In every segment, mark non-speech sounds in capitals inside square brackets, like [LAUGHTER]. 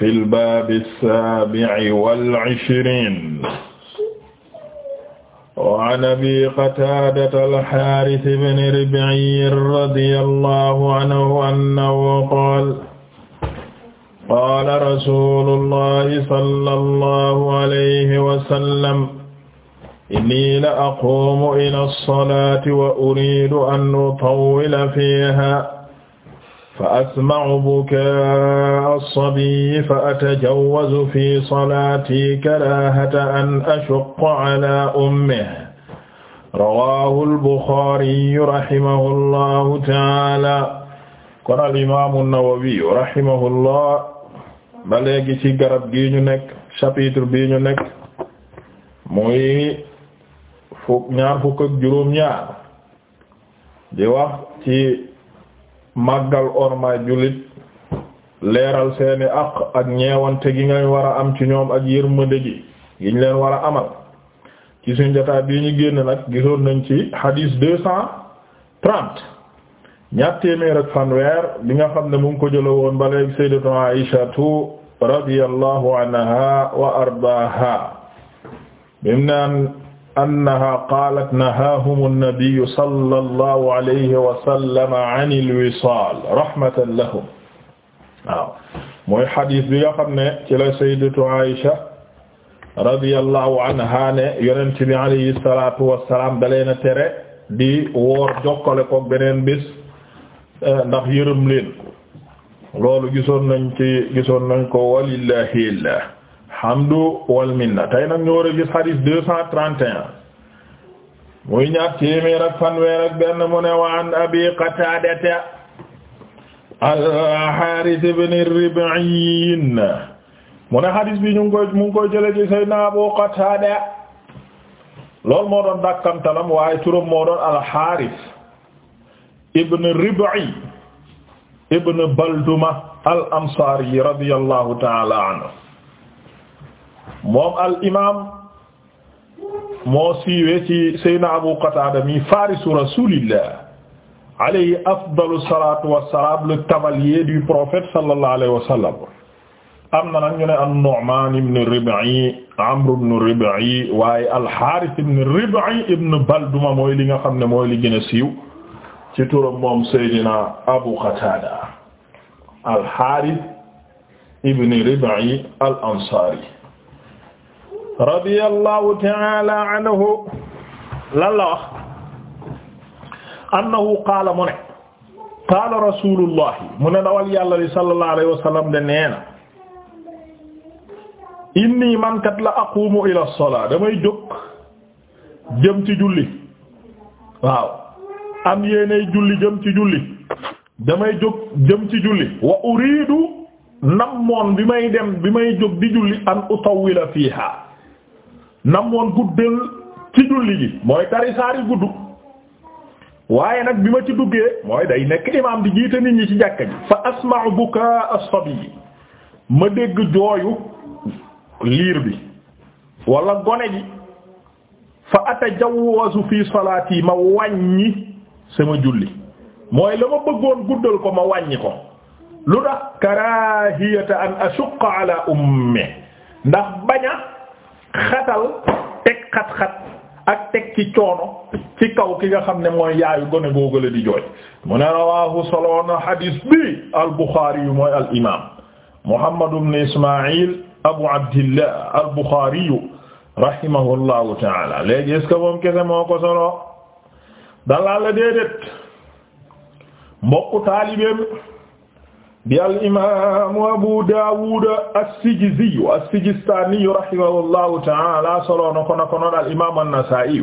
fil baabi saabi'i wal ishriin wa an abi qataadata al-haaris ibn rib'iy radiyallahu anhu annahu qaala qaala rasuulullahi sallallahu alayhi wa sallam innii la aquumu ilaa as-salaati wa uriidu an utawwila fiihaa fa asma'u bukaa as-sabiy fa atajawwazu fi salaati karaahata an ashqa ala ummihi rawaahu al-Buxaari rahimahullahu ta'aala kon al-imaamu an-Nawawi rahimahullah ba léegi ci garab gii ñu nekk chapitre bii ñu nekk muy fukk ñaar fukk ak juróom ñaar di wax ci màggal ormaay jullit leeral seeni aq ak ñeewante gi ngay war a am ci ñoom ak yërmande gi giñ leen war a amal ci suñu jotaay bii ñu génn nag gisoon nañ ci hadis deux cent trente ñaar téeméer ak bi nga xam ne mu ko jëla woon ba léegi sayyidatu Aishatu radiyallahu anha wa ardaaha bim naan annaha qaalat nahaahumu nnabiyu sallallahu alayhi wa sallam anil wisaal rahmatan lahum waaw mooy xadis bi nga xam ne ci la sayyidatu Aïcha radiyallahu anha ne yonent bi alayhi salaatu wa salaam da leen a tere di woor jokkale koog beneen bés eh, ndax yërëm leen loolu gisoon nañ ci gisoon nañ ko walillahi alhamdu wal minna tey nag ñu war a gis hadith deux cent trente et un muy ñaar téeméer ak fanweer ak benn mu ne waan abi qataadata al-Haaris ibn Rib'iy mu ne hadith bi ñu ngi koy mu ngi koy jële ci Seydina Abu Qataada loolu moo doon dàkkantalam waaye turam moo doon al-Haaris ibn Rib'iy ibn Balduma al-Ansaari radiyallahu ta'ala anhu moom al imaam moo siiwee ci Seydina Abu Qatada mi farisu rasulillah alayhi afdalu salatu wassalam le cavalier du prophète sallallahu alayhi wa sallam am na nag ñu ne an-Nu'man ibn Rib'i Amr ibn Rib'i waaye al-Harith ibn Rib'i ibn Balduma mooy li nga xam ne mooy li gën a siiw ci turam moom Seydina Abu Qatada al-Harith ibn Rib'i al-Ansari radiyallahu ta'ala anhu lan la wax annahu qaala mu ne qaala rasulullahi mu ne dawal yàlla li sallallahu alayhi wa sallam de nee na inni man kat la aqumu ila salaa damay jóg jëm ci julli waaw am yéenay julli jëm ci julli damay jóg jëm ci julli wa uridu nam moon bi may dem bi may jóg di julli an utawwila fiha nam woon guddal ci julli ji mooy tari gudd waaye nag bi ma ci duggee mooy day nekk imaam di jiite nit ñi ci jàkka ji fa asma'u bukaa as ma dégg jooyu liir bi wala gone ji fa atajawwazu fi salaati ma wàññi sama julli mooy la ma bëggoon guddal ko ma wàññi ko lu tax karaahiyata an ashuqqa ala ummi ndax baña xatal teg xat-xat ak teg ci coono ci kaw ki nga xam ne mooy yaayu gone googu la di jooy mu ne rawaahu soloona hadis bi al Bukhari mooy al imaam Muhammad ibn Ismaa'il Abu Abdillah al Bukhari yu rahimahullahu taala léegi est-ce que kese moo ko solo dalal la déedéet mbokku taalibeem bi al imaamu Abu Daawud as-Sijzi as-Sijistaani rahimahullahu ta'aala solo na ko na ko noon al imaamu an-Nasaa'i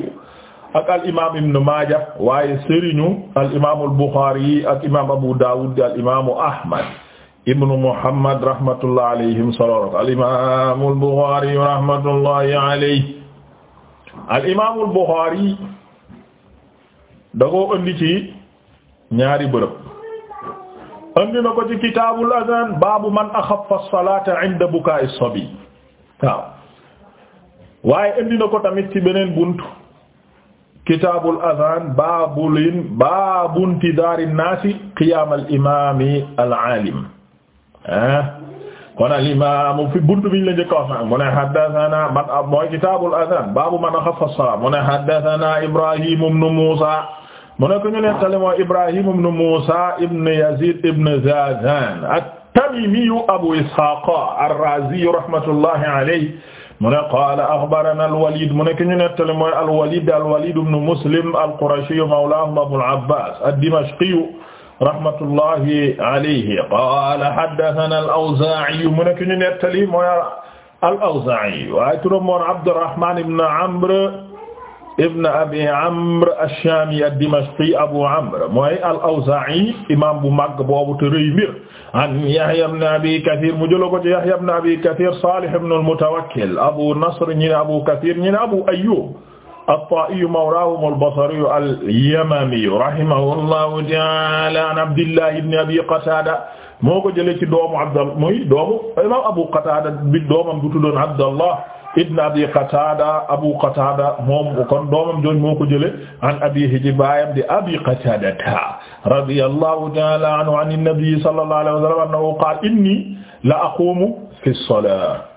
ak al imaam Ibn Maaja waaye sëriñu al imaamu al-Buxaari ak imaam Abu Daawud al imaamu Ahmad ibn Muhammad rahmatullahi alayhim solo na ko al imaamu al-Buxaari rahmatullahi alayhi al imaamu al-Buxaari da koo indi ci ñaari bërëb. andi na ko ci kitaabul adaan baabu man axaffa salaata inda bukaa'i sabi waaw waaye andi na ko tamit ci beneen bunt kitaabul adaan baabu lin baabu intidaari naasi qiyaamal imaami al aalim ah kon al imaam fi bunt biñ la njëkk a wax nag mu ne haddasanaa man mooy kitaabul adaan baabu man axaffa salaata mu ne haddasanaa Ibraahiim ibn Muusaa mu ne ko ñu nettali mooy Ibrahim ibn Musa ibn Yazid ibn Zazan at-Tamimi Abu Ishaq ar-Razi rahmatullahi alayhi mu ne qaala axbarana al-Walid mu ne ko ñu nettali mooy al-Walid al-Walid ibn Muslim al-Qurashi mawlaahum Abul Abbas ad-Dimashqi rahmatullahi alayhi qaala haddathana al-Awzaa'i mu ne ko ñu nettali mooy al-Awzaa'i waaye turam moon Abdurrahman ibn Amr ibn abi amr ash-shami ad-dimashqi abu amr mooy al-awza'i imam bu mag boobu te rëy mbir an yahya ibn abi kathir mu jëlo ko ci yahya ibn abi kathir salih ibn al-mutawakkil abu nasr ñi ne abu kathir ñi ne abu ayyub at-ta'i mawlahum al-basri al-yamami rahimahullahu ta'ala an abdillah ibn abi qatada moo ko jële ci doomu abdallah muy doomu imam abu qatada bi doomam bu tuddoon abdallah ibn abi qatada abu qatada moom kon doomam jooju moo ko jëlee an abihi ci baayam di abi qatada radiyallahu ta'ala anhu an an-nabi sallallahu alayhi wa sallam annahu qaala inni la aqumu fi as-salat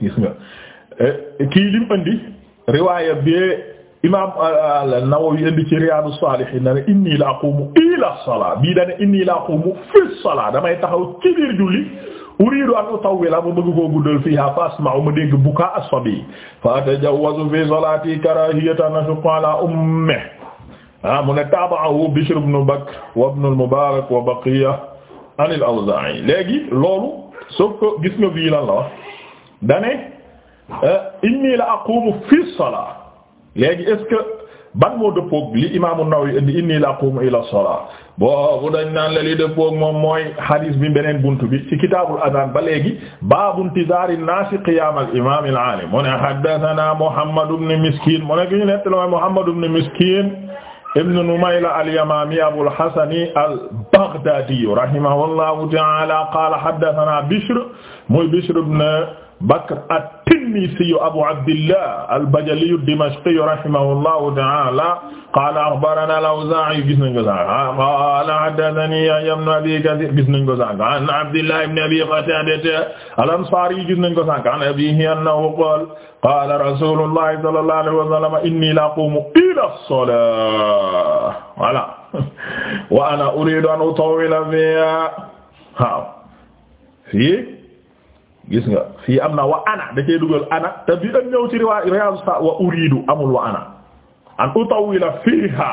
gis nga eh, kii lim andi riwaaya bi imam an-Nawawi indi ci Riyadu Salihin na ne inni la aqumu ila as-salat bii da ne inni la aqumu fi as-salat damay taxaw ci biir julli uridu an utawwila ma bëgg koo guddal fiha fasma'u ma dégg buka as-sabi fa tajawwazu fi salati karahiyatan ashqa ala ummi ah mu ne taaba'ahu Bishr ibn Bakr wa ibn al-Mubarak wa baqiya an al-Awza'i léegi loolu soo ko gis nga fii lan la wax dane eh, inni la aqumu fi salat léegi est-ce que ban moo dëppoog li imaamu Nawawi indi inni la qumu ila salaa boobu dañ naan la li dëppoog moom mooy hadis bi beneen buntu bi ci kitaabul adaan ba léegi baabu intizaari naasi qiyaam al imaam al aalim mu ne haddasanaa Muhammad ibn Miskiin mu ne ki ñu nettali mooy Muhammad ibn Miskiin ibn Numayla al-Yamaami Abul Hasan al-Baghdaadi rahimahullahu ta'aala qaala haddasanaa Bishr mooy Bishr ibn Bakr at-Tinnisi Abu Abdillah al-Bajali ad-Dimashqi rahimahullahu ta'ala qaala akhbarana al-Awzaa'i gis nañ ko sax ah, qaala haddathani Yahya ibn Abi Kathir gis nañ ko sax an Abdillah ibn Abi Qatada al-Ansari gis nañ ko sax an abiihi annahu qaala qaala rasuulullahi sallallahu alayhi wa sallam inni la aqumu ila as-salaati voilà [LAUGHS] wa ana uriidu an utawwila fiihaa gis nga fii am na wa ana da cee dugal ana te bi dañ ñëw ci riwaa Riyadou sa wa uridu amul wa ana an utawila fiha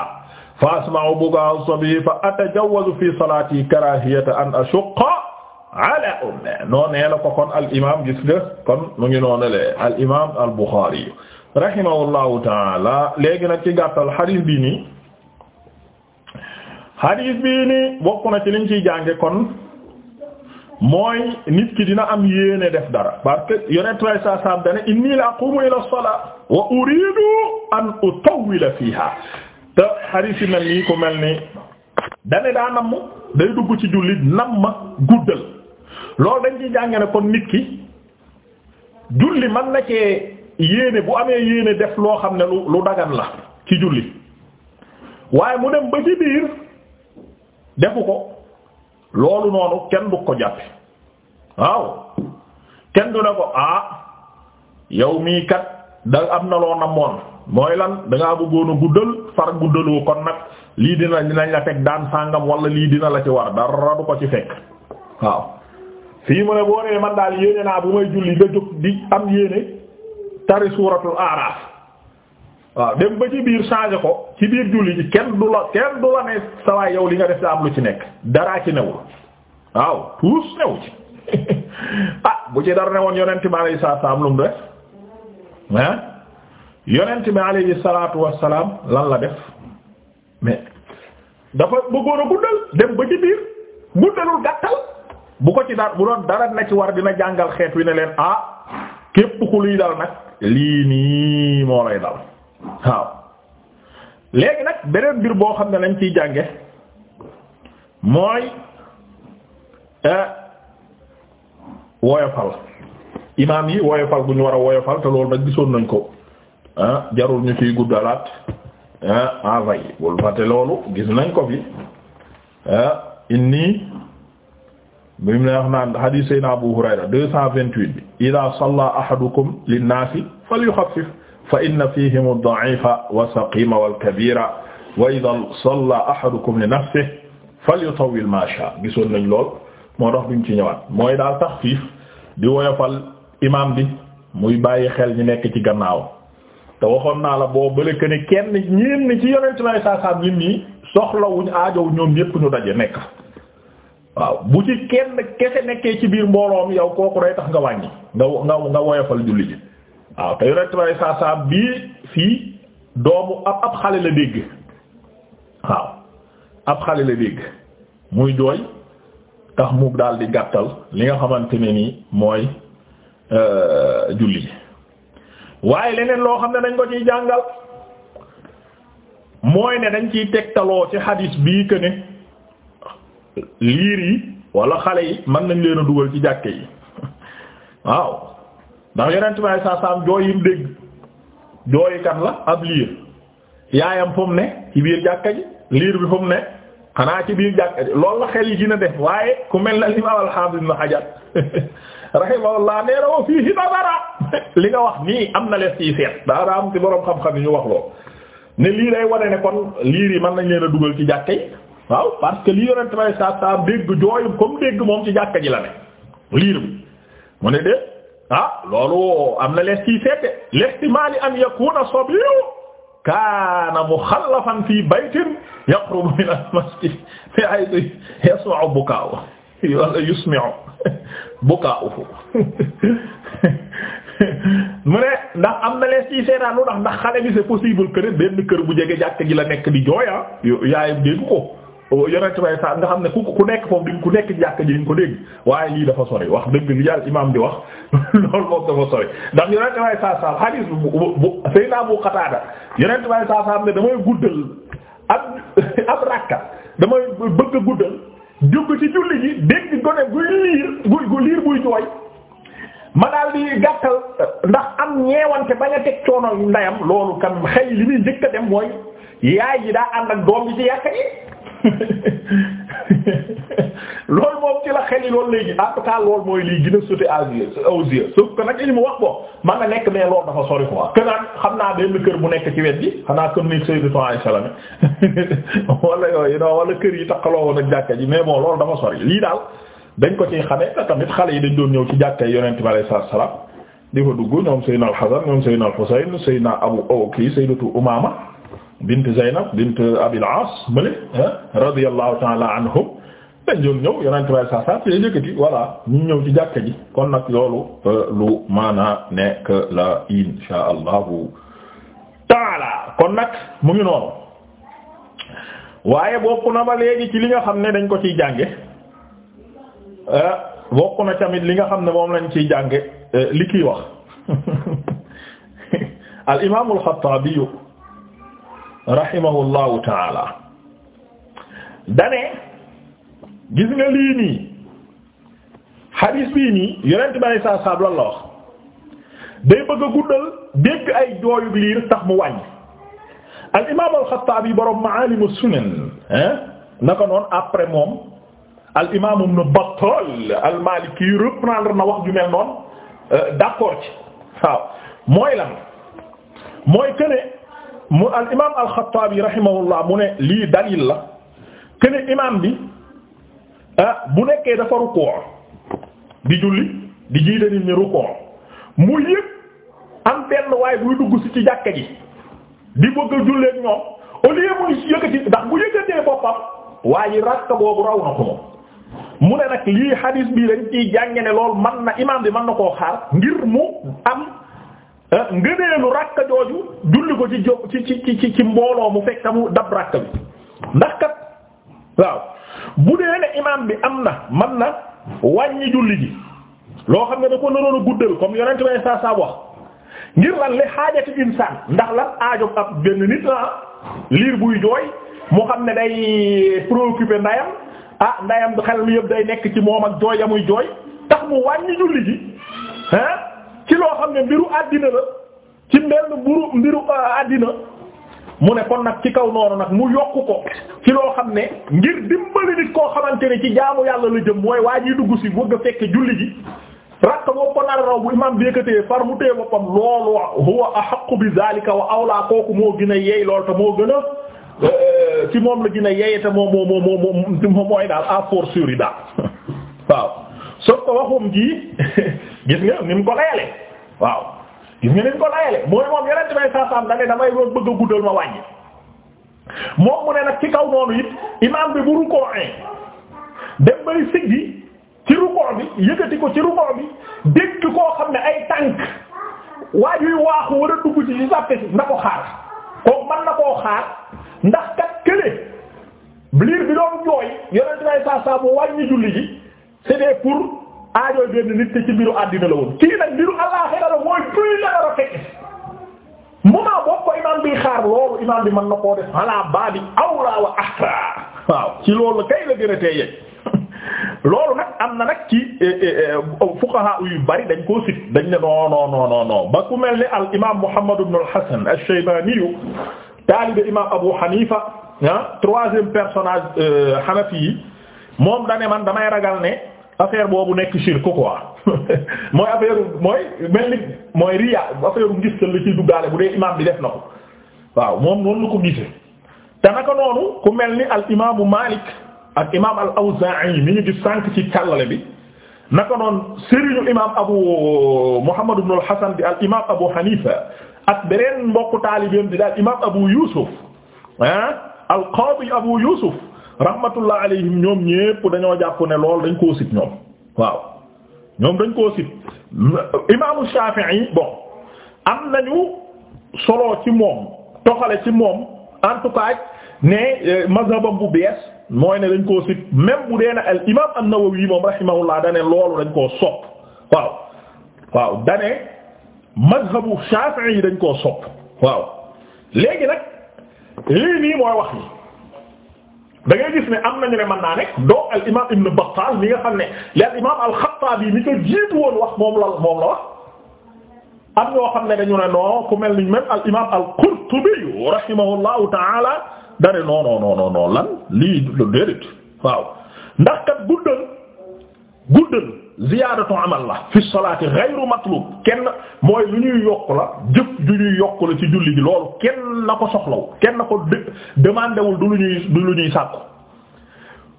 fa asma'u buka sabi fa atajawwazu fi salati karahiyata an ashqa ala ummi noo nee la ko kon al imam gis nga kon mu ngi noonale al imam al Bukhari rahimahullahu taala léegi nag ci gàttal hadith bi nii hadith bi nii bokk na ci liñ ciy jànge kon mooy nit ki dina am yéene def dara parce que yonent way saa saam dane inni la aqumu ila as-salat wa uridu an utawwila fiha te xarit yi mel nii ko mel ni dane daa namm day dugg ci jullit nam ma guddal loolu dañ ci jànge ne kon nit ki julli man na cee yéene bu amee yéene def loo xam ne lu lu dagan la ci julli waaye mu dem ba ci biir defu ko loolu noonu kenn du ko jàppe waaw kenn du ne ko ah yow mii kat da am na loo moon mooy lan da ngaa bëggoon a guddal far guddaloo kon nag lii dina dinañ la teg daan sàngam wala lii dina la ci war dara du ko ci fekk waaw fii mu ne boo nee man daal yéene naa bu may julli nga jóg di am yéene tari suuratul aaraaf waaw dem ba ci biir changé ko ci biir julli yi kenn du la kenn du la ne sawaay yow li nga def da am lu ci nekk daraa ci newul waaw tuus new ci [LAUGHS] ah bu ci dara ne woon yonent bi alayhi salaatu salaam lu mu def ah yonent bi alayhi salaatu lan la def mais dafa bëggoon a guddal dem ba ci biir guddalul gàttal bu ko ci dara bu doon dara na ci war dina jàngal xeet wi ne leen ah képp ku luy dal nag lii nii moo lay dal waaw léegi nag beneen mbir boo xam ne lañ ciy jànge mooy euh, woyofal imaam yi woyofal bu ñu war a woyofal te loolu nag gisoon nañ ko ah jarul ñu ciy guddalaat ah avay ah, bul fàtte loolu gis nañ ko fi ah inni bi mu ne wax naan hadith sayna Abu Hurayra deux cent vingt-huit bi ida salla ahadukum linnaasi falyukhaffif fa inna fihim ad-da'ifa wa saqima wal kabira wa idha salla ahadukum li nafsihi falyutawwil ma sha gisoon nañ lool moo dox duñ ci ñëwaat mooy daal taxfiif di woyofal imaam bi muy bàyyi xel ñu nekk ci gannaaw te waxoon naa la boo bële que ni kenn ñenn ci yonent lay saa saa lim yi soxlawuñ aajow ñoom ñépp ñu daje nekk waaw bu ci kenn kese nekkee ci biir mbooloom mi yow kooku day tax nga wàññi nga nga nga woyofal julli ji waaw te yonent bi saa saa bii fii doomu ab ab xale la dégg waaw ab xale la dégg muy jooy tax mu daal di gàttal li nga xamante ne ni mooy euh, julli waaye leneen loo xam ne dañ ko ciy jàngal mooy ne dañ ciy tegtaloo ci xadiis bii que ne liir yi wala xale yi man nañ leen a dugal ci jàkke yi [LAUGHS] waaw. ndax yonent bi ay saa saam jooy yim dégg jooyi kan la ab liir yaayam fu ne ci biir jàkka ji liir bi fu ne xanaa ci biir jàkka ji loolu la xel yi a def waaye ku mel na li ma alhamdulilah ibn Hajar [LAUGHS] rahimahullah nee na wa fiihi nazara [LAUGHS] li nga wax nii am na les ciy seet daa am ci borom xam-xam yi ñu wax lool ne lii lay wane ne kon liir yi man nañ leen a dugal ci jàkka yi waaw parce que lii yonent bi ay saa saam dégg jooyum comme dégg moom ci jàkka ji la ne ah loolu am na lees ciy seete l'ihtimal an yakuna sabiyu kaana mukhallafan fi baytin yaqrubu min al-masjid fi haythu yasma'u bukaa'u wala yusmi'u bukaa'u mu ne ndax am na lees ciy seetaan lu ndax ndax xale bi c'est possible que benn kër bu jege jàkk ji la nekk di jooya yaayu dégg ko yonent bay sa nga xam ne ku ku nekk ko ku nekk jàkk ji di ko dégg waaye lii dafa sori wax dëgg li yàlla imaam di wax [LAUGHS] loolu moom dafa sori ndax yonent bay sa sa hadis bu bu Seydina Abu Qatada yonent bay sa sa ne damay guddal ab [LAUGHS] ab rakka damay bëgg a guddal jóg ci julli ji dégg gone guy liir guy liir buy jooy ma daal di gàttal ndax am ñeewante bañ a teg coono ndeyam loolu kan xëy li muy njëkk a dem mooy yaay ji daa ànd ak doom ji ci [LAUGHS] lool moom ci la xel yi loolu léegi en tout cas loolu mooy lii gën a sauté aux yeux sauf que nag li mu wax bon man na nekk mais loolu dafa sori quoi que naan xam naa benn kër bu nekk ci wet bi xanaa kër ni Sayyidatu Aisha la [LAUGHS] wala yooyu non wala kër yi taxaloo woon ak jàkka ji mais bon loolu dafa sori lii daal dañ ko ciy xamee te tamit xale yi dañ doon ñëw ci jàkka yi Yonent bi alayhi salaam di fa dugg ñoom Sayyidina al-Hasan ñoom Sayyidina al-Husayn oh, Sayyidina bint Zeynab bint Abil As mële ah, radiyallahu ta'ala anhum dañ doon ñëw yonent bi saa saa tey yëkkati voilà ñu ñëw ci jàkka ji kon nag loolu euh, lu maana nekk la insha allahu taala kon nag mu ngi noonu waaye bokk na ba léegi ci li nga xam ne dañ ko ciy jànge euh, bokk na tamit li nga xam ne moom lañ ciy jànge euh, li kiy wax [LAUGHS] al imaamul Xattaabi rahimahullahu taala dane gis nga lii nii hadis bii nii yonent bi alay saa saab lan la wax day bëgg a guddal dégg ay jooyug liir tax mu wàññ al imaam al-Xattaabi borom Maalimu Sunan hein naka noonu après moom al imaam Ibn Battaal al-Maaliki reprendre na wax ju mel noonu euh, d'accord ci waaw mooy lan mooy que ne mu al imaam alxattaabi rahimahullah mu ne lii dalil la kene imaam bi ah bu nekkee dafa rukkoo di julli di jiite nit ñi rukkoo mu yëg am benn waaye buy dugg si ci jàkka ji di bëgg a jullee ak ñoom au lieu muy yëkkati ndax bu yëkkatee boppam waaye rakka boobu raw na ko mu ne nag lii hadis bii dañ ciy jànge ne lool man na imaam bi mën na koo xaal ngir mu am ah, ngëneelu rakka jooju julli julli ko ci jo ci ci ci ci mbooloo mu fekk mu dab rakk bi ndax kat waaw bu dee ne imaam bi am na man na wàññi julli ji loo xam ne da ko naroon a guddal comme yonent bay saa saa wax ngir lan li xaajati insaan ndax lan aajo ab benn nit ah, liir buy jooy moo xam ne day préoccupé ndayam ah ndayam xal mi yëpp day nekk ci moom ak jooy amuy jooy tax mu wàññi julli ji ah ci loo xam ne mbiru àddina la. ci mbenn buru mbiru euh, àddina mu ne kon nag ci kaw noonu nag mu yokk ko ci loo xam ne ngir dimbali nit koo xamante ne ci jaamu yàlla la jëm mooy waa ji dugg si bëgg fekk julli ji rakk boobu ko nar bu imaam béykatee far mu téye boppam loolu huwa ahaqqu bi zalika wa awlaa kooku moo gën a yeey lool te moo gën a euh, ci moom la gën a yeey te moom moo moo moo mooy daal à force yi waaw soo ko waxum ji [LAUGHS] gis nga ni ko layale waaw gis nga ni ko layale mooy moom yeneen ci may sàrsaan da ne damay doon bëgg a guddal ma wàññi. moom mu ne nag ci kaw noonu it imaam bi bu rukkoo dem bay siggi ci rukkoo bi yëkkati ko ci rukkoo bi dégg koo xam ne ay tànk waa yuy waaxu war a dugg ci ci sàppe si na ko xaar kooku mën na koo xaar ndax kat kële liir bi doon jooy yeneen ci may sàrsaan bu wàññi julli ji c'était pour aajooy benn nit te ci mbiru àddina la woon kii nag mbiru Allah mooy pluie ko imaam bi xaar loolu imaam bi mën na koo def ala wa ahra ci loolu kay la gën [LAUGHS] loolu am na nag eh, eh, eh, oh, fuqaha yu bari dañ koo sit dañ ne non non non al imaam Muhammad ibn al Hasan ash-Shaybani imaam Abu Hanifa ah troisième euh, hanafi yi moom da ne man damay ragal ne. affaire boobu nekk shirk quoi [LAUGHS] mooy affaire mooy mel ni mooy riya affaire bu gis la ciy duggaale bu dee imaam bi def na ko waaw moom noonu la ko gisee te naka noonu ku mel ni al imaamu Maalik ak imaam al Awzaa'i mi ñu gis sànq ci càllale bi naka noonu sëriñu imaam Abu Muhammad ibn al Hasan di al imaam Abu Hanifa ak beneen mbokku taalibeem di daal imaam Abu Yusuf al ah, qaadi Abu Yusuf. rahmatullah alayhim ñoom ñépp dañoo jàpp ne lool dañ koo sit ñoom waaw ñoom dañ koo sit imaamu Shafi'i bon am nañu solo ci moom toxale ci moom en tout cas ne eh, mazhabam bu bees mooy ne dañ koo sit même bu dee na al imaam an-Nawawi moom rahimahullah dane loolu dañ koo sopp waaw waaw dane mazhabu yi dañ koo sopp waaw léegi nag lii nii mooy wax ni dangay gis ne am nañu ne mën naa nekk doo al imaam Ibn Battal mi nga xam ne li al imaam al-Xattaabi mi ko jiitu woon wax moom la moom la wax am ñoo xam ne dañu ne non ku mel ni même al imaam al-Qurtubi rahimahullahu ta'ala dare non non non non lan lii lu déedéet waaw ndax kat guddal guddal. ziyaadatu amal la fi salaati ghayru matlub kenn mooy lu ñuy yokk la jëf ju ñuy yokk la ci julli gi loolu kenn na ko soxlaw kenn na ko demandewul du lu ñuy du lu ñuy sàkku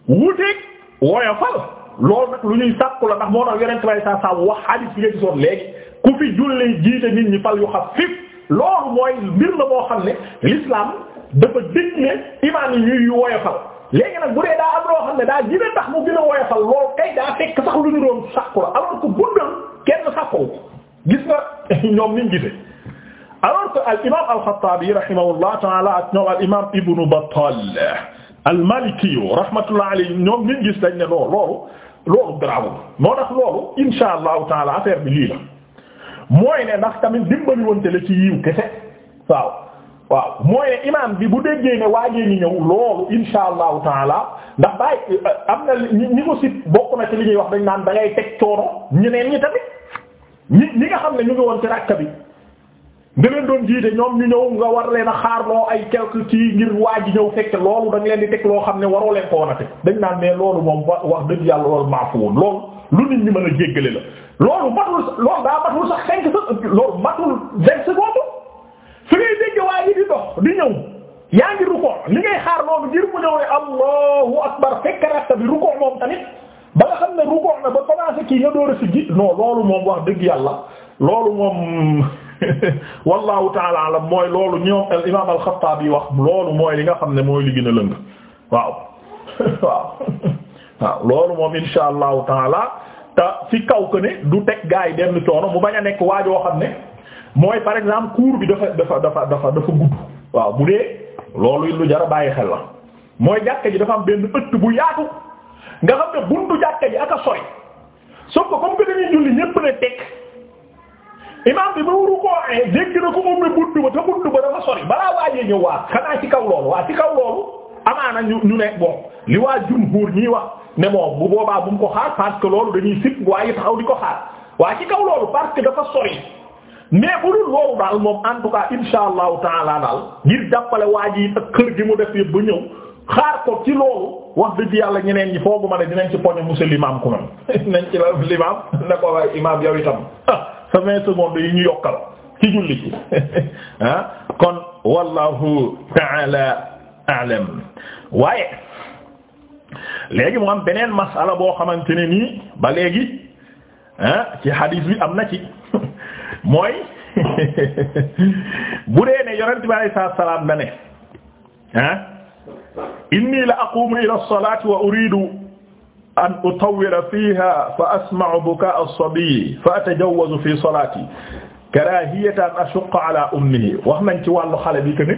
wuteek woyofal loolu nag lu ñuy sàkku la ndax moo tax yeneen traité saa saa wax hadith bi nga gisoon léegi ku fi julli jiite nit ñi fal yu xam fif loolu mooy mbir la boo xam ne l'islam dafa digle imaam yi ñuy woyofal léegi nag bu dee daa am loo xam ne daa gën a tax mu gën a woyofal lool kay daa fekk sax lu ñu doon sàkku la alors que guddal kenn sàkku gis nga [LAUGHS] ñoom niñ gise alors que al imam al-Khattabi rahimahullah ta'ala ak ñoom al imam Ibn Battal al-Maliki rahmatullah alayhi ñoom niñ gis dañ ne loolu loolu loolu garaawul moo tax loolu insha allahu taala affaire bi lii la mooy ne ndax tamit dimbali wante la ci yiw kese waaw waaw mooy imaam bi bu déggee ne waajee ni ñëw loolu insha allahu taala ndax baay am na ñi ko sit bokk na ci li ñuy wax dañ naan da ngay teg coono ñeneen ñi tamit ñi ñi nga xam ne ñu ngi woon ci ràkka bi nga leen doon jiite ñoom ñu ñëw nga war leen a xaarloo ay quelque ci ngir waaj ñëw fekk loolu da leen di teg loo xam ne waroo leen ko war dañ naan mais loolu moom wax dëgg yàlla loolu maafu woon loolu lu nit mën a jéggale la loolu matul loolu daa matul sax cinq loolu matul vingt secondes su ngay dégg waa di dox di ñëw yaa ngi rukkoo li ngay xaar loolu ngir mu ñëw allahu akbar fekk rakka bi rukkoo moom tamit ba nga xam ne rukkoo na ba commencé kii nga door a siggi loolu moom wax dëgg yàlla loolu moom [LAUGHS] wallahu taala alam mooy loolu ñoom al imaam al wax loolu mooy li nga xam ne mooy li gën a lëng waaw [LAUGHS] [LAUGHS] waaw loolu moom insha allahu taala te fi kaw ko ne du teg gaa yi dem coono mu bañ a nekk waajoo xam ne mooy par exemple cours bi dafa dafa dafa dafa dafa gudd waaw bu dee loolu it lu jar a bàyyi xel la mooy jàkka ji dafa am benn ëtt bu yaatu nga xam ne buntu jàkka ji ak a sori soo ko comme que dañuy julli ñépp ne teg imaam bi ba waru koo ay dégg na ko moom ne buntu ba te buntu ba dafa sori balaa waajee ñëw waa xanaa ci kaw loolu waa ci kaw loolu amaana ñu ñu ne bon li waa jumhuur ñii wax ne moom bu boobaa bu mu ko xaar parce que loolu dañuy sib waaye taxaw di ko xaar dafa sori. mais bu dul loolu daal moom en tout cas insha allahu taala daal ngir jàppale waa ji ak kër gi mu def yëpp ba ñëw xaar ko ci loolu wax dëgg yàlla ñeneen ñi foogu ne dinañ ci poñe monsieur l'imam ku noonu [LAUGHS] dinañ ci la l'imam ne ko waaye imam yow itam ah sa vingt secondes yi ñu yokkal ci julli ci [LAUGHS] ah kon wallahu taala a'lam waaye léegi mu am beneen masala boo xamante ne nii ba léegi ah ci hadith bi am na ci [LAUGHS] mooy [LAUGHS] bu dee ne yonent bi alayhi salaatu salaam na ne ah inni la aqumu ila as-salati wa uridu an utawwila fiha fa asma'u bukaa as-sabi fa atajawwazu fi salati karahiyatan ashqa ala ummihi wax nañ ci wàllu xale bi dañ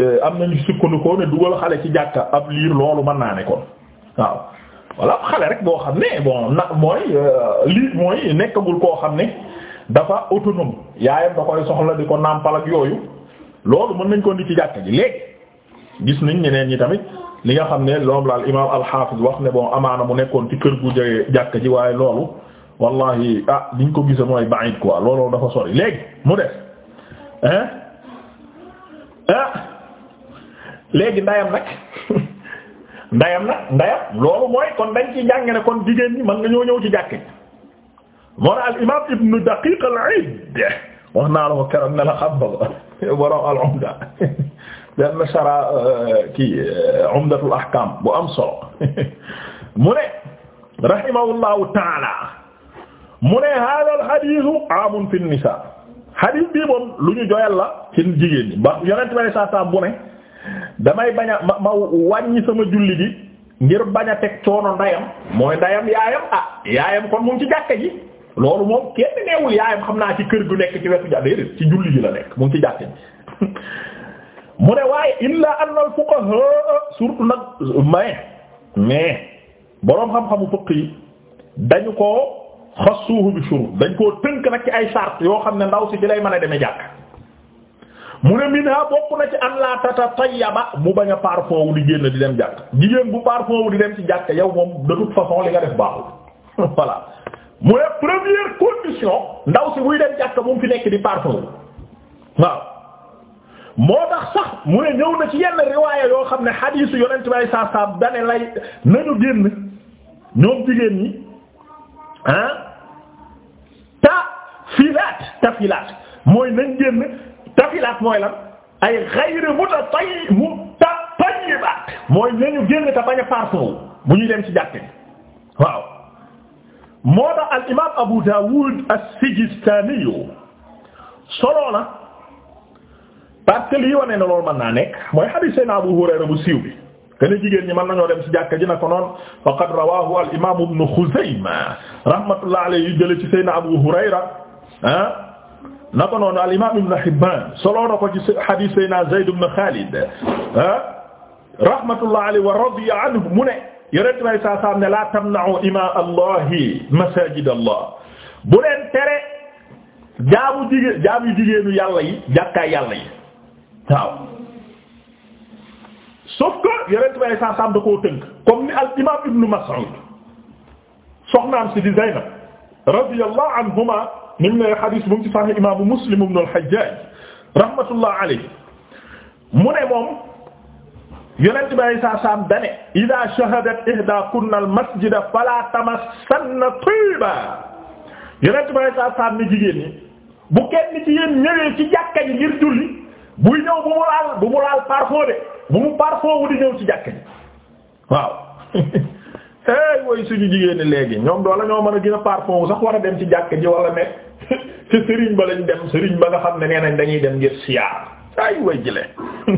eh, am nañu sukkandikoo ne dugal xale ci jàkka ab liir loolu mën naa ne kon waaw voilà xale rek boo xam ne bon nag mooy euh, lii mooy nekkagul koo xam ne dafa autonome yaayam da koy soxla di ko nàmpal ak yooyu loolu mën nañ koo ndi ci jàkka ji léegi gis nañ ñeneen ñi tamit li nga xam ne loolu laal imaam al-Hafiz wax ne boo amaana mu nekkoon ci kër gu jege jàkka ji waaye loolu wallahi ah liñ ko gisa mooy ba'id quoi loolu dafa sori léegi mu def hein ah léegi ndayam nag [LAUGHS] ndayam nag ndayam loolu mooy kon dañ ci jàng kon jigéen ñi mën nga ñoo ñëw ci jàkk moo na al imam ibnu daqiq al iid wax naa la ko keroog la xam ba borom al umda benn shara euh, kii euh, umdatul ahkam bu am solo mu taala mu ne hada al hadithu amun fi nisa hadith lu ñu joyal la ci jigéen ñi ba yonent bi sallallahu damay bañ a ma ma wàññi sama julli gi ngir bañ a teg coono ndayam mooy ndayam yaayam a ah, yaayam kon mu ci jàkka ji loolu moom kenn neewul yaayam xam naa ci kër gu nekk ci wetu ja déedéet ci julli ji la nekk mu ngi ci jàkka ji [LAUGHS] mu ne waaye illa anna al fuqaha surtout nag may mais boroom xam-xamu fiqh yi dañu koo xasuuhu bi shurut dañ koo tënk nag ci ay sart yoo xam ne ndaw si ci lay mën a demee jàkk mu ne minha bokk na ci an la tatatayyaba mu bañ a parfum wu di génn di dem jàkk jigéen bu parfum wu di dem ci jàkk yow moom de toute façon li nga def baaxul [LAUGHS] voilà mu ne première condition ndaw si buy dem jàkk bu mu fi nekk di parfum wu waaw moo tax sax mu ne ñëw na ci yenn riwaaya yoo xam ne xadiisu yonent bay saa saa dane lay nañu génn ñoom jigéen ñi ah ta filaat ta filaat mooy nañ génn tafilaat mooy lan ay xayri mutatayyi mutatayyibaat mooy nañu génn te bañ a parfum bu ñuy dem ci jàkke waaw moo tax al imaam Abu Dawud na parce que lii wane na loolu mën naa nekk mooy hadith sayna Abu Hurayra bu siiw bi kene jigéen ñi mën nañoo dem ci jàkka ji na ko noonu faqad rawahu al imaam rahmatullah alayhi jële ci Abu Hurayra ah. naka noonu al imaam Ibn Hibbaan solo na ko ci hadiis Seydina Zayd ibn Xaalid rahmatullahi alayhi wa radiya anhu mu ne yonent bi saa saa ne laa tamna'u imaa Allahi masaajid Allah bu leen tere jaamu jigéen jaamu jigéenu yàlla yi jàkkaay yàlla yi waaw sauf que yonent bi saa saa da koo tënk comme ni al imaam Ibn Mas'ud soxnaam si di Zaynab radiyallahu anhuma ni mu ne xadis bu mu ci Sahih imaamu Muslim ibn al-Hajjaj rahmatullah mu ne moom yonent bi ay saa saam dane ida shahadat ihdakunna al-masjida fala tamassanna tiba yonent bi ay saa saam ne jigéen ñi bu kenn ci yéen ñëwee ci jàkka ji ngir julli buy ñëw bu mu laal bu mu laal parfum de bu mu parfum wu di ñëw ci jàkka ji waaw [LAUGHS] hey woy suñu jigéen léegi ñoom doo la ñoo mën a gën a parfum sax war a dem ci jàkka ji wala nekk. ci Serigne ba lañ dem Serigne ba nga xam ne nee lañuy dem ngir siyaar ay way jële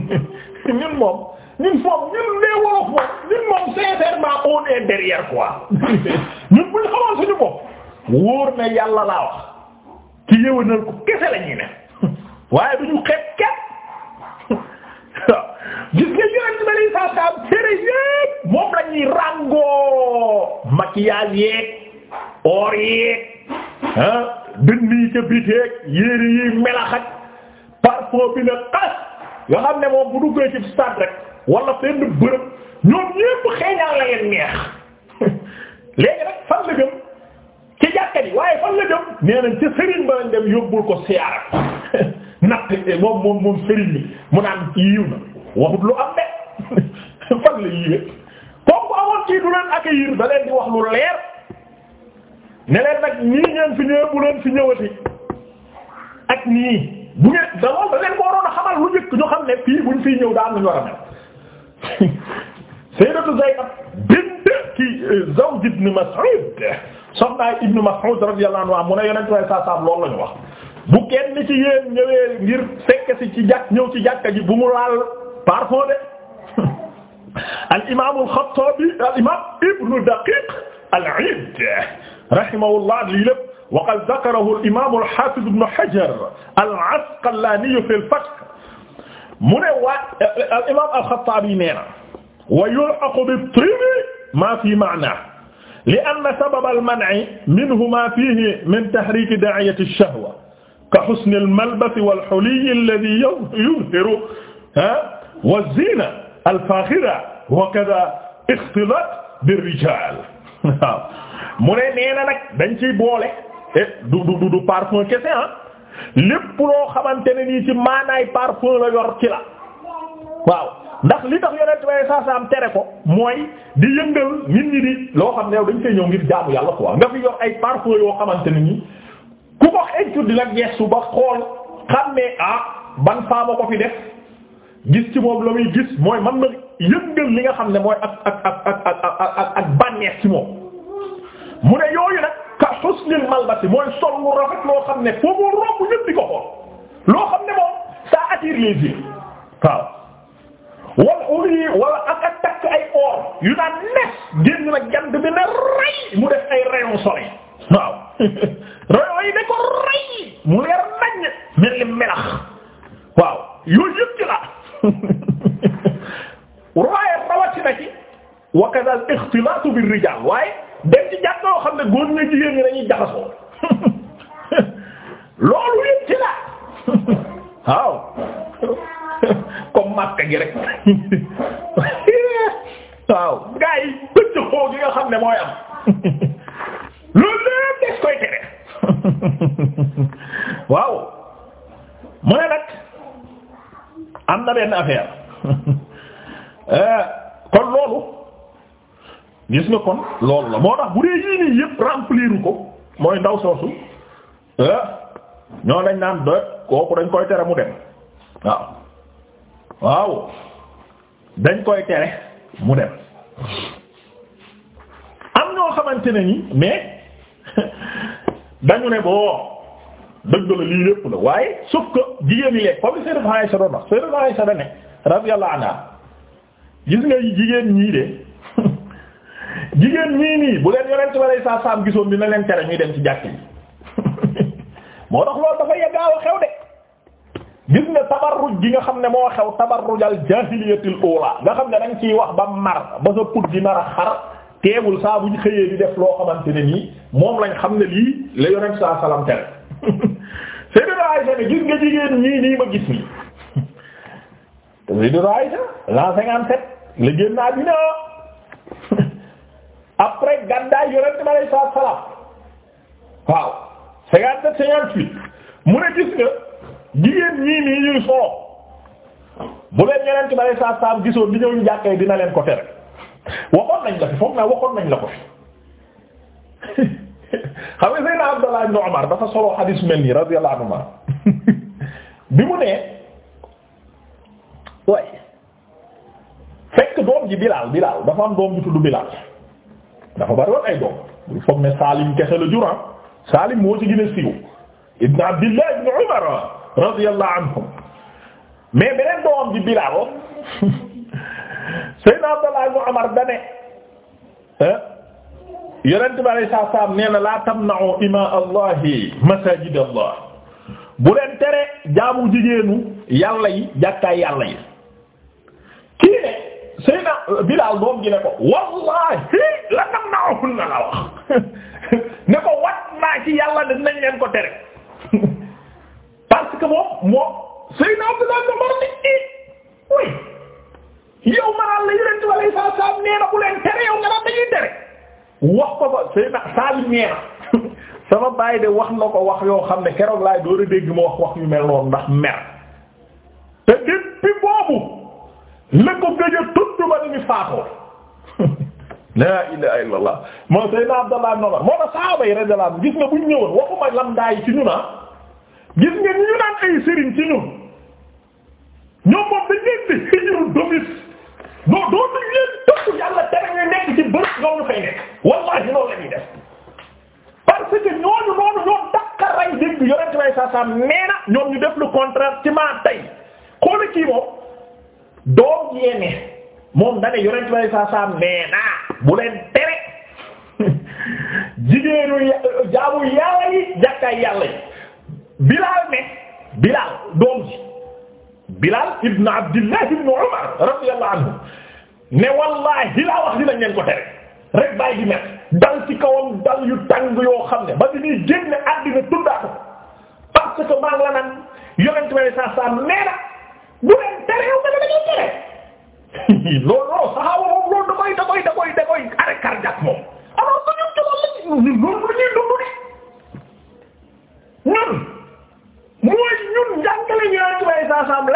[LAUGHS] ñun moom ñun foofu ñun les wolof moom ñun moom sincèrement on est derrière quoi [LAUGHS] ñun buñ xamoon suñu bopp wóor na yàlla laa wax ci yëwanal ko kese la ñuy ne [LAUGHS] waaye duñu xeeb kenn waaw gis nga yonent bi alayhi salaatu salaam cere yépp moom la ñuy ràngoo maquillage yeeg or yeeg ah dënn yi ca biteeg yéere yiy melax ak parfum na xas nga xam ne moom bu duggee ci stade rek wala fenn bërëb ñoom ñépp xeeñal la leen neex [LAUGHS] léegi nag fan la jëm ci jàkka ji waaye fan la jëm nee nañ sëriñ ba lañ dem yóbbul ko siyaara [LAUGHS] natt eh, moom moom moom sëriñ bi mu naan yiiw na waxut lu am de [LAUGHS] fan la yiiwee comme bu amoon ci du leen accueillir da leen di wax lu leer ne leen nag ñii ngeen fi ñëwee bu leen fi ñëwati ak nii bu ngeen da loolu da leen ko waroon a xamal lu njëkk ñu xam ne fii buñ fiy ñëw daa am lu ñu war a mel [LAUGHS] sayyidatu Zaynab bint ki zawj ibn Mas'ud soxnaay ibn Mas'ud radiyallahu anhu mu ne yonent way saa saam loolu la ñu wax bu kenn ci yéen ñëwee ngir fekk si ci jàkk ñëw ci jàkka ji bu mu laal parfum de [LAUGHS] al imam al Khattabi al imam ibn Daqiq al-Id rahimahullah lii lépp wa qad zakarahu al imam al hafiz ibn hajar al asqalani fi al fath mu ne waa al imam al khattabi nee na wa yulhaqu bit tibi ma fi ma'na li anna sabab al man'i minhu ma fihi min tahrik da'iyati al shahwa ka husn al malbas wal huli alladhi yuzhiru wa zina al fakhira wa kadha ikhtilat bir rijal [LAUGHS] waaw mu ne nee na nag dañ ciy boole eh du du du parfum kese ah. lépp loo xamante ne nii ci maanaay parfum la yor ci la waaw ndax li tax yonent bi saa saa am tere ko mooy di yëngal nit ñi di loo xam ne yow dañ fee ñëw ngir jaamu yàlla quoi nga fi yor ay parfum yoo xamante ne nii ku ko egg di la gestu ba xool xam ne ah ban faama ko fi def gis ci moom la muy gis mooy man na yëngal li nga xam ne mooy ak ak ak ak ak ak ak bànneex ci moom. mu ne yooyu nag ka husnil malbasi mooy sol lu loo xam ne foo mu romb ñëpp di ko xool loo xam ne moom ça attire les yeux waaw wal uri takk ay or yu naan nes génn nag jant bi ne rey mu def ay rayon soleil waaw [LAUGHS] rayon yi ne ko rey mu leer nañ mel ni melax waaw yooyu yëpp ci la [LAUGHS] waaye rawatina ci wa kadha al ixtilaatu bir rijaal waaye ne góor ñi jaxasoo [LAUGHS] loolu yëpp ci [LAUGHS] waaw [LAUGHS] comme Makka gi rek waaw gaa yi pëcc xoo nga xam ne mooy am loolu lépp des koy tere waaw mu ne nag am na benn affaire eh, kon loolu gis nga kon loolu la moo tax bu yii yëpp remplir ko mooy ndaw soosu euh, ñoo dañ naan doy kooku dañ koy tere mu dem waaw waaw dañ koy tere mu dem am ñoo xamante ne ni mais [LAUGHS] dañu ne boo dëgg la lii lépp la waaye sauf que jigéen yi lekk comme Sayyidatu Aisha doon wax Sayyidatu Aisha da ne radiyallahu anha gis nga jigéen ñii de jigéen ñii nii bu leen yonent bi alayhi salaatu salaam gisoon dina leen tere ñuy dem ci jàkk yi [LAUGHS] moo tax loolu dafa yegaaw a xew de gis nga tabarruj gi nga xam ne moo xew tabarruj al jaahiliyatil uulaa nga xam ne dañ ciy wax ba mar ba sa put di nar a xar teewul saa bu ñu xëyee di def loo xamante ne nii moom lañ xam ne lii la yonent saa salaam tere [LAUGHS] Sayyida Aisha ne gis nga jigéen ñii nii ma gis nii [LAUGHS] Sayyida Aisha l'an cinquante-sept la génn àddina après gàddaay yonent bi alayhi salaam waaw cinquante-sept cinquante-huit mu ne gis nga jigéen ñii nii ñuy solo bu leen yonent bi alayhi salaam gisoo di ñëw ñu jàkkee dina leen ko tere waxoon nañ la fi foog naa waxoon nañ la ko fi [LAUGHS] xam nga Seydina Abdallah ibn dafa solo xadiis mel nii radiyallahu anhuma [LAUGHS] bi mu nee waaye fekk doom ji Bilaal Bilaal dafa am doom ji tudd Bilaal dafa bari woon ay doom bul foog ne Saalim ah. Saalim moo ci gën a siiw ibn Abdillah ibn Umar radiyallahu anhum mais beneen doomam di Bilaal oh. Seydina [LAUGHS] Abdallah ibn Umar dane eh, yonent bi alayhi salaatu salaam nee na laa tamna'u imaa Allahi Allah bu leen tere jaamu jigéenu yàlla yi kii Seyna Bilaal doom gi ko wallahi la namna'uhunna la wax [LAUGHS] ne ko wat naa ci yàlla dinañ leen ko tere [LAUGHS] parce que moom moom Seyna Bilaal na mar ni i oui yow manaan la yonent bi alayhi salaatu salaam nee na ku leen tere yow nga naan dañuy tere wax ko ko Seyna Saalim nee [LAUGHS] sama bàyyi de wax na ko wax yoo xam ne keroog laay door a dégg ma wax wax yu mel noonu ndax mer te depuis boobu la ko gëj moom mi faatoo la ilaha illallah moo sayyidna Abdallah ibn Umar moo tax sahaaba yi radiyallahu anhu gis nga buñ ñëwoon waxuma lam daay ci ñun ah gis nga ñu naan ay sëriñ ci ñun ñoom moom dañ leen di xijru domis non doo dañ leen topp yàlla tere ñu nekk ci bërëb ñoom ñu fay nekk wallahi loolu la ñuy noonu dakka ray dégg yorente way sa sam nee na ñoom def le contraire ci ma tay xool kii moom doom yeene moom dane yonent bay saa saa nee naa bu leen tere [LAUGHS] jigéenu jaamu yàlla yi jàkkaay yàlla yi bilaal ne bilaal doom ji bilaal ibn abdillah ibn umar radiyallahu anhu ne wallahi laa wax dinañ leen ko tere rek bàyyi di met dal ci kawam dal yu tàng yoo xam ne ba di ñuy génne àddina tuddaat parce que maa la naan yonent bay saa saa nee bu leen tere yow ma ne dañoo tere non [LAUGHS] non saxaaba moom loolu da koy da koy da koy da koy arrêt cardiaque moom alors que ñun ci la ñun loolu la ñuy dund ni ñun mooy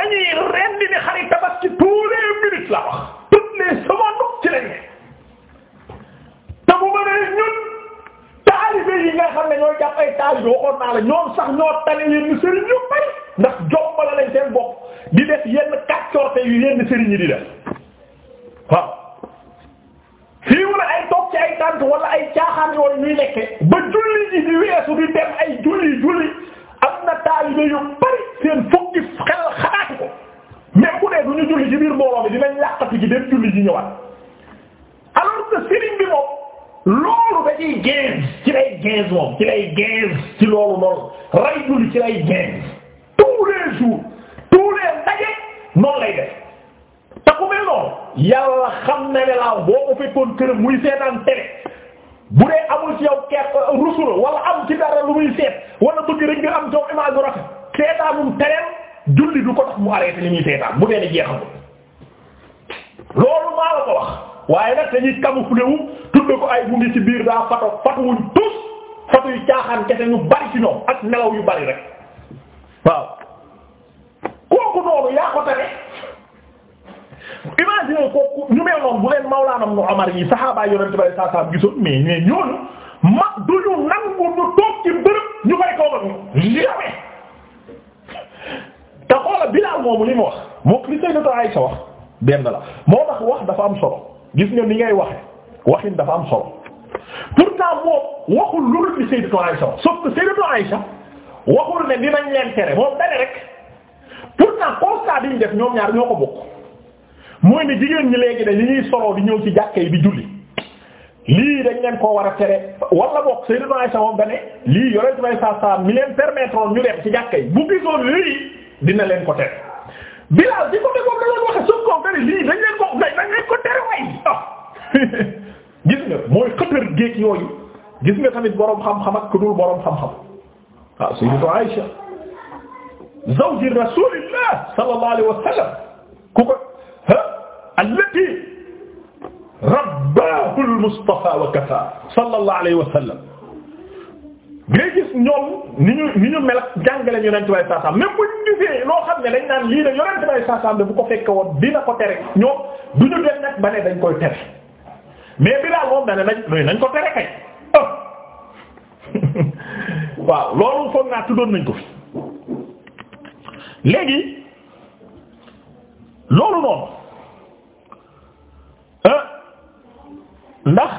ñun rendi ni xari tabaski tous les minutes la wax toutes les secondes ci lañ te bu ma nee ñun taalibe yi nga xam ne ñoo jàpp ay taalibe sax ñoo tane yenn sëriñ yu bari ndax jombale lañ seen bopp di def yenn kàccoorte yu yenn sëriñ yi di noonu yaa ko tane imagine ko ñu mel noonu bu leen mawlaanam nu Omar yi saxaaba yonent ba saa saa gisoon mais mais ma du ñu nangu ñu toog ci bërëb ñu koy toog ak ñu jamais li mu wax moo li Sayyidatu wax benn la moo tax wax dafa am solo gis nga ni ngay waxe waxin dafa am solo pourtant moom waxul lu dul li Sayyidatu Aysa wax sauf que Sayyidatu waxul ne dinañ leen tere moom dane rek. pourtant constat bi ñu def ñoom ñaar ñoo ko bokk mooy ne jigéen ñi léegi ne li ñuy soloo di ñëw ci jàkka yi di julli lii dañ leen koo war a tere wala bokk Seydou Noaï sa moom da lii yore may saa saa mi leen permettre ñu dem ci jàkka yi bu gisoon lii dina leen ko tere. Bilal di ko defoon da doon waxe suuf kooku ne lii dañ leen dañ leen ko tere way ah. [LAUGHS] gis nga mooy xëtër géej yooyu gis nga tamit boroom xam-xam ak ku boroom borom xam-xam ah Seydou Noaï. zawji rasulillah sallallahu alayhi wa sallam ku ko allati rabbahu al-Mustafa wa kafa sallallahu alayhi wa sallam ngay gis ñoom ni ñu ni ñu mel ak jàngale ñu yonent bay saasaam même bu ñu gisee loo xam ne dañ naan lii la yonent bay saasaam da bu ko fekke woon dina ko tere ñoom du ñu dem nag ba ne dañ koy tere mais bi daal moom dana nañ nañ ko tere kay [LAUGHS] waaw loolu foog naa tuddoon nañ ko fi léegi loolu noonu euh, ndax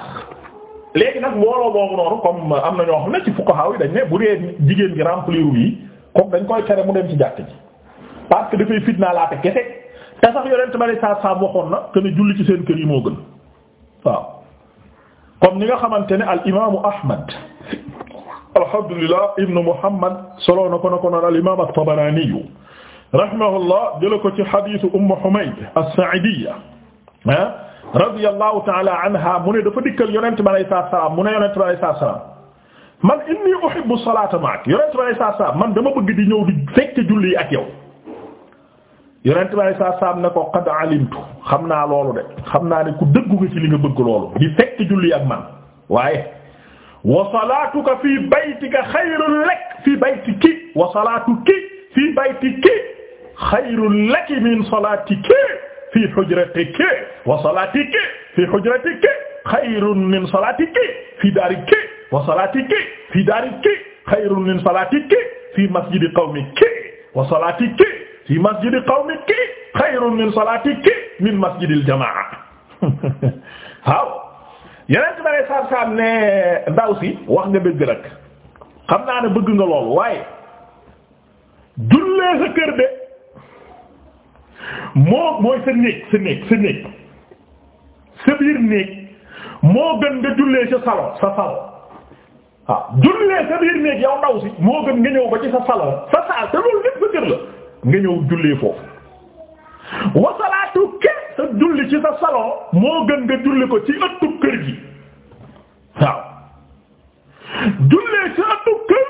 léegi nag mbooloo boobu noonu comme am na ñoo xam ne ci fuqaha yi dañ ne bu dee jigéen gi remplirul yi comme dañ koy tere mu dem ci jàkk ji parce que dafay fitnaa laate kese te sax yonent bari saa saa waxoon na te julli ci seen kër yi moo gën waaw comme ni nga xamante ne al imaamu Ahmad alhamdulillah ibnu Muhammad solo na ko na ko noonu al imaam at-Tabarani rahimahullah jëla ko ci xadiisu Ummu Humayd as-Sa'idiyya ah radiyallahu ta'ala anha mu ne dafa dikkal yonent bi alayhi salaatu wa salaam mu ne yonent bi alayhi salaatu wa salaam man inni uhibbu salaata ma'ak yonent bi alayhi salaatu wa salaam man dama bëgg di ñëw di fekk julli yi ak yow yonent bi alayhi salaatu wa salaam ne ko qad alimtu xam naa loolu de xam naa ne ku dëggu nga ci li nga bëgg loolu di fekk julli ak man waaye wa salaatuka fii baytika xayrun lak fii baytiki wa salaatuki fii baytiki xayrun laki min salaatiki fi hujratiki wa salaatiki fi hujratiki xayrun min salaatiki fi daariki wa salaatiki fi daariki xayrun min salaatiki fi masjidi qawmiki wa salaatiki fi masjidi qawmiki xayrun min salaatiki min masjidil jamaa [LAUGHS] waaw yeneen ma ne saab-saab ne ndaw si wax nga dëgg rek xam naa ne bëgg nga lool waaye jullee sa kër de moo mooy sa néeg sa néeg sa néeg sa biir néeg moo gën nga jullee sa salon sa salon waaw jullee sa biir néeg yow ndaw si moo gën nga ñëw ko ci sa salon sa saal te loolu lépp sa kër la nga ñëw jullee foofu wasalaatu ke sa julli ci sa salon moo gën nga julli ko ci ëttu kër gi waaw jullee ci ëttu kër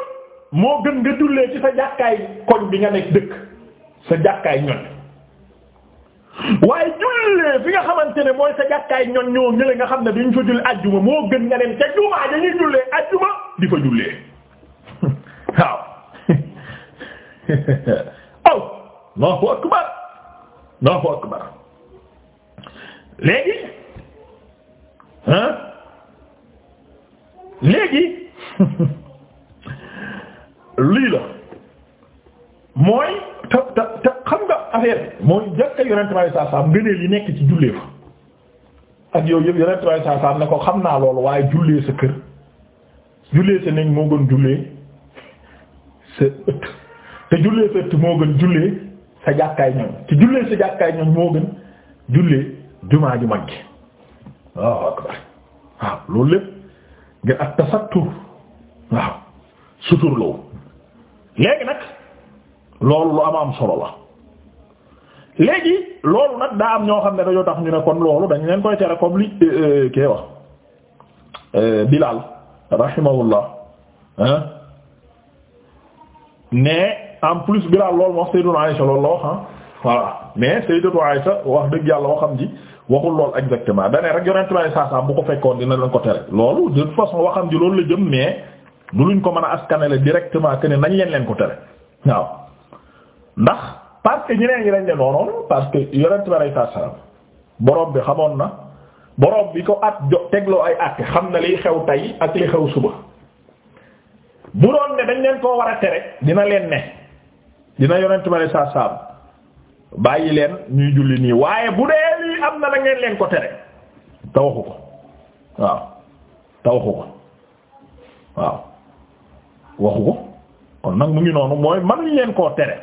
moo gën nga jullee ci sa jàkkaay koñ bi nga nekk dëkk sa jàkkaay ñoñ waaye jullee fi nga xamante ne mooy sa jàkkaay ñoon ñoo ñële nga xam ne duñ fa julli ajjuma moo gën nga dem ca jumaa dañuy jullee ajjuma di fa jullee [LAUGHS] waaw aw [LAUGHS] oh, Allahu akbar Allahu akbar léegi ah léegi [LAUGHS] lii la mooy te te te xam nga affaire bi mooy jàkka yonent bi saa saa ngëneel yi nekk ci jullee fa ak yooyu yëpp yonent bi saa saa ne ko xam naa loolu waaye jullee sa kër jullee sa néeg moo gën jullee sa jàkkaay ñoom te jullee sa jàkkaay ñoom moo gën jullee jumaa ju mag gi waaw akbar waaw loolu lépp ngir ak tasattur waaw suturloo léegi nag loolu lu am am solo la léegi loolu nag daa am ñoo xam ne dañoo tax ñu ne kon loolu dañu leen koy tere comme li euh, euh, kee wax euh, Bilal rahimahullah hein mais en plus Bilal loolu wax Sayyidatu Aïsha loolu loo wax ah voilà mais Sayyidatu Aïsha wax dëgg yàlla waxam ji waxul lool exactement dane rek yonent bi saa saa bu ko fekkoon dina leen ko tere loolu de toute façon waxam ji loolu la jëm mais du luñ ko mën a askanale directement que ne nañ leen leen ko tere waaw ndax parce que ñeneen ñi lañ ne noonoonu parce que yonent bi alayhi salaam borom bi xamoon na boroom bi ko at jo tegloo ay at xam na liy xew tey ak li xew suba bu doon ne dañ leen koo war a tere dina leen ne dina yonent bi alayhi salaam bàyyi leen ñuy julli nii waaye bu dee lii am na la leen ko tere te waxu ko waaw te waxu ko waaw waxu ko kon nag mu ngi noonu mooy man leen koo tere.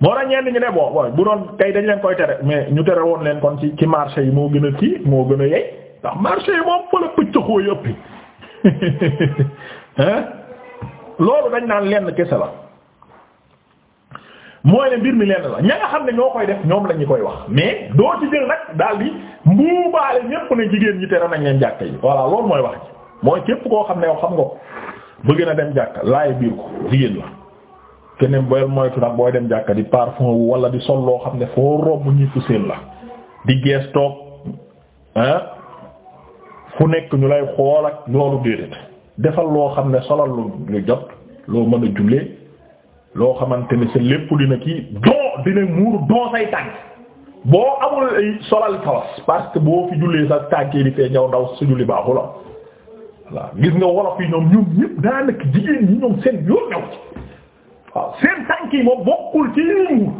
moo tax ñenn ñu ne boo bon bu doon tey dañ leen koy tere mais ñu tere woon leen kon ci ci marché yi moo gën a kii moo gën a yey ndax marché yi moom fa la pëccëxoo yëpp [LAUGHS] hein loolu dañ naan lenn kese la mooy ne mbir mi lenn la ña nga xam ne ñoo koy def ñoom la koy wax mais doo ci jël nag daal di mbuubaale ñépp ne jigéen ñi tere nañ leen jàkka yi voilà loolu mooy wax mooy képp koo xam ne yow xam nga ko bëgg na dem jàkka laay biir ko jigéen la. kene boyal moytu nag booy dem jàkka di parfum wu wala di sol loo xam ne foo romb ñëpp seen la di gees toog ah nekk ñu lay xool ak loolu déedéet defal loo xam ne solal lu jot loo mën a jullee loo xamante ni sa lépp dina kii don dina muur don say tànk boo amul ay solal tawas parce que boo fi jullee sa tànkee di fee ñaw ndaw su julli baaxu waaw gis nga wolof yi ñoom ñoom ñëpp daanaka jigéen ñi ñoom seen yoon ñaw waaw seen tànk yi moom bokkul ci yëngu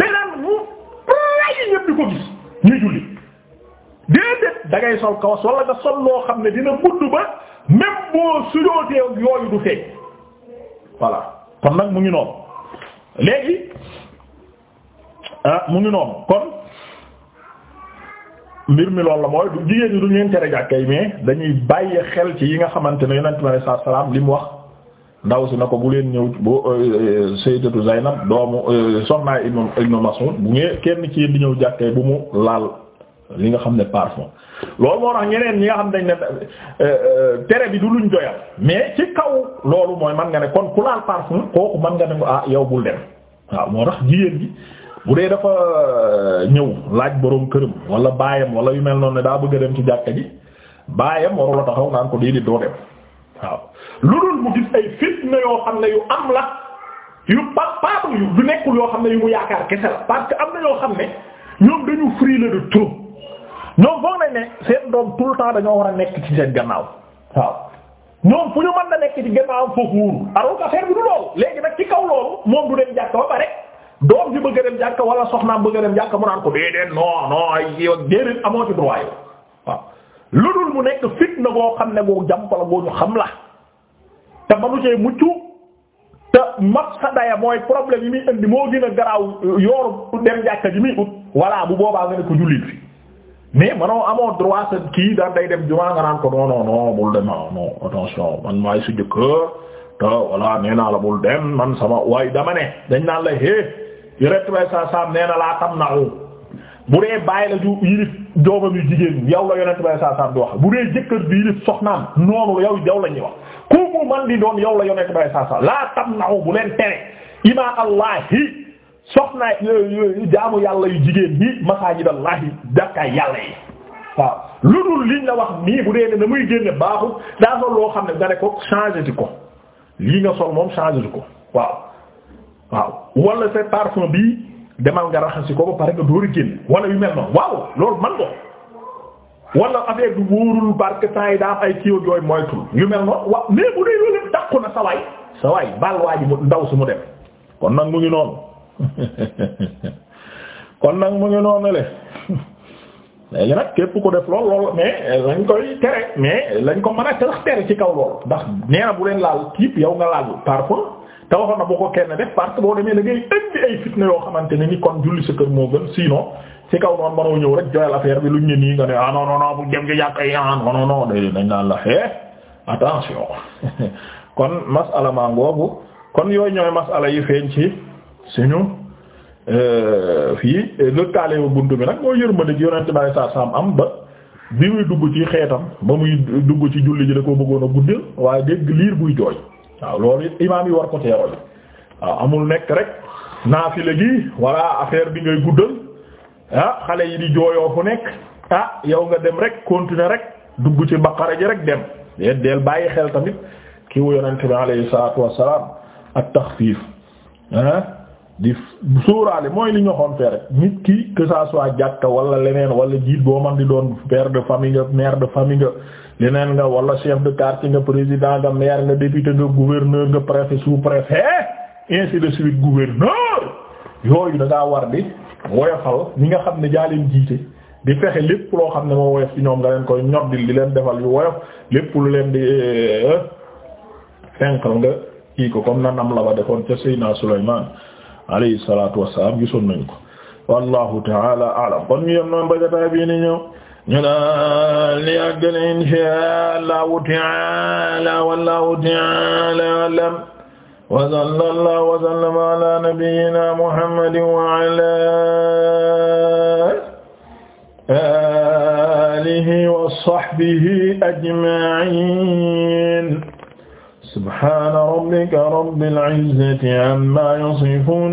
beneen mu rayi ñëpp ko gis ñuy julli déedéet da sol kawas wala nga sol loo xam ne dina gudd ba même boo yooyu du feeñ voilà kon nag mu ngi noonu léegi ah mu ngi noonu kon mbir mi loolu la mooy du jigéen ñi du ñu leen tere jàkkee mais dañuy bàyyi xel ci yi nga xamante ne yonent bi sallallahu alayhi wasallam wax. ndaw si na ko bu leen ñëw bo euh, euh, sayyidatu Zaynab doomu euh, soxnaay ibnu ibnu Mas'ud bu ngeen kenn ci di ñëw jàkkee bu mu laal li nga xam ne parfum loolu moo tax ñeneen ñi nga xam dañ ne tere bi du luñ doyal mais ci kaw loolu mooy man nga ne kon ku laal parfum kooku man nga ne ko ah yow bul dem waaw moo tax jigéen gi bu dee dafa ñëw laaj boroom këram wala baayam wala yu mel noonu ne daa bëgg a dem ci jàkka ji baayam warula taxaw naan ko déedéet doo dem waaw lu dul mu gis ay fitna yoo xam ne yu am la yu pa paatu yu du nekkul yoo xam ne yu mu yaakaar kese la parce que am na yoo xam ne ñoom dañu frilé du trop ñoom foog nañ ne seen doom tout le temps dañoo war a nekk ci seen gannaaw waaw ñoom fu ñu mën na nekk ci gannaawam foofu wóorul alors que affaire bi du loolu léegi nag ci kaw loolu moom du dem jàkka ba pare doom ji bëgg a dem jàkka wala soxnaam bëgg a dem jàkka mu naan ko déedéet non non ay déedéet amoo ci droit waaw. lu dul mu nekk fitna goo xam ne goo jàmpala goo ñu xam la te manu see mucc te mafsadaya mooy problème yi muy indi moo gën a garaaw yooru dem jàkka ji muy ut bu boobaa nga ne ko jullit fi mais manoo amoo droit sa kii daan day dem jumaa nga naan ko non non non bul dem non attention man maay su jëkkër te voilà nee naa la bul dem man sama waaye dama ne dañ naan la é yore tubay sa sam nee na laa tam na bu dee bàyyi la ju yilif doomam yu jigéen yow la yonent bay saa saam di wax bu dee jëkkër bi yilif soxnaam noonu yow yow la ñuy wax ku mu man di doon yow la yonent bay saa saam laa tam naw bu leen tere ima allahi soxna jaamu yàlla yu jigéen yi masaajidallahi dakka yàlla yi waaw lu dul liñ la wax nii bu dee ne na muy génne baaxul daa sol loo xam ne nga ko changé ti ko lii nga sol moom changé ti ko waaw waaw wala c'est parfum bi demal nga raxasi ko ba pare nga door a génn wala yu mel noonu waaw lool man ko wala affaire du buur parce que temps daa ay kii yooyu moytul yu mel noonu wa mais bu dee loolu yëpp na sa waay sa waay baal waa ndaw si mu dem kon nag mu ngi noonu [LAUGHS] kon nag mu ngi noonu le [LAUGHS] léegi nag képp ku def lool lool mais lañ koy tere mais lañ ko mën a tax tere ci kaw lool ndax nee bu leen laal tiip yow nga laal parfois. te waxoon na bu ko kenn def parce que boo demee da ngay indi ay fitna yoo xamante ni ni kon julli sa kër moo gën sinon ci kaw noonu manoo ñëw rek joyal affaire bi luñ ne nii nga ne ah bu jëm ci yàq yi ah non non non day dañ naan [LAUGHS] kon masala maa ngoogu kon yooyu ñooy masala yi feeñ ci suñu euh, fii lëkkaale wu buntu bi nag moo yërmande ci yonent bi saa saam am ba. bi muy dugg ci xeetam ba muy dugg ci julli ji da ko bëggoon a guddal waaye dégg liir buy jooy waaw loolu it imaam yi war ko teeroo yi waaw amul nekk rek naafile gi walla affaire bi ngay guddal ah xale yi di jooyoo fu nekk ah yow nga dem rek continuer rek dugg ci baqara ji rek dem deel deel bàyyi xel tamit ki wu yonente bi alayhi salaatu wassalaam ak taxfiif ah di suuraale mooy li ñu waxoon fee rek nit ki que ça soit jàkka wala leneen wala jiit boo man di doon père de famille nga de famille nga yeneen nga wala chef de quartier nga président nga maire nga député nga gouverneur nga préfet sous-préfet ainsi de suite gouverneur yooyu da ngaa war di woyofal ñi nga xam ne jaa leen jiite di fexe lépp loo xam ne moo woyof ci ñoom nga leen koy ñoddil di leen defal yu woyof lépp lu leen di eh, eh, eh, fenkal nga kii ko comme na nam la ba defoon ca Seydina Sulaymaan alayhi salaatu wassalaam gisoon nañ ko wallahu ta'ala a'lam kon ñu yem noonu ba jotaay bii ni ñëw ñu daal li àgg na inshaa Allahu ta'aala wallahu ta'aala a'lam wa sallallahu wa sallama ala nabiyyina Muhammadin wa ala alihi wa sahbihi ajma'in subhana rabbika rabbil izzati amma yasifun